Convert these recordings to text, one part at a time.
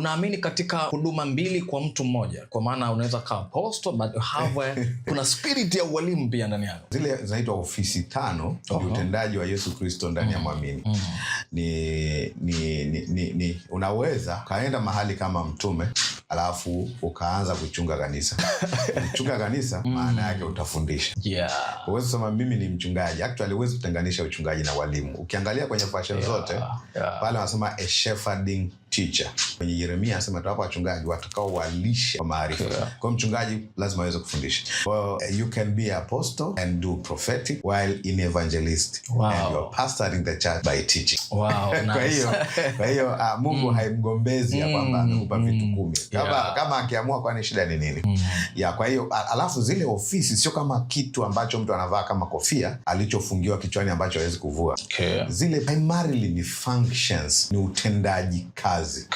Unaamini katika huduma mbili kwa mtu mmoja, kwa maana unaweza kaa posto but you have kuna spirit ya ualimu pia ndani yako. Zile zinaitwa ofisi tano ni uh -huh. utendaji wa Yesu Kristo ndani ya mm. mwamini uh mm. -huh. ni, ni, ni, ni, ni unaweza ukaenda mahali kama mtume alafu ukaanza kuchunga kanisa kuchunga kanisa mm. maana yake utafundisha. yeah. Huwezi kusema mimi ni mchungaji. Actually huwezi kutenganisha uchungaji na walimu. Ukiangalia kwenye fashion yeah. zote yeah. pale wanasema a shepherding chicha. Kwenye Yeremia anasema tawapa wachungaji watakao walisha kwa maarifa. Yeah. Kwa mchungaji lazima aweze kufundisha. Well, eh, you can be apostle and do prophetic while in evangelist. Wow. And you are pastoring the church by teaching. Wow, nice. Kwa hiyo, kwa hiyo uh, Mungu mm. haimgombezi ya mm, kwamba amekupa mm. vitu kumi. Kama yeah. kama akiamua kwani shida ni nini? Mm. Ya kwa hiyo alafu zile ofisi sio kama kitu ambacho mtu anavaa kama kofia alichofungiwa kichwani ambacho hawezi kuvua. Okay. Zile primarily ni functions, ni utendaji kazi wazi.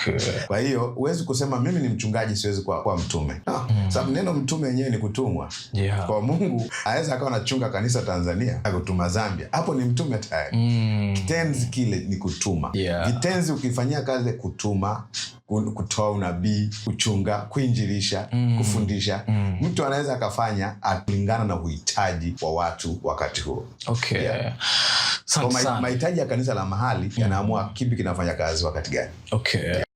Kwa hiyo huwezi kusema mimi ni mchungaji siwezi kuwa, kuwa mtume no. mm. Sababu neno mtume wenyewe ni kutumwa yeah. Kwa Mungu aweza akawa anachunga kanisa Tanzania akutuma Zambia, hapo ni mtume tayari mm. Kitenzi kile ni kutuma yeah. Kitenzi ukifanyia kazi kutuma kutoa unabii, kuchunga, kuinjilisha, mm. kufundisha mm. mtu anaweza akafanya kulingana na uhitaji wa watu wakati huo okay. yeah mahitaji ya kanisa la mahali yanaamua kipi kinafanya kazi wakati gani. Okay.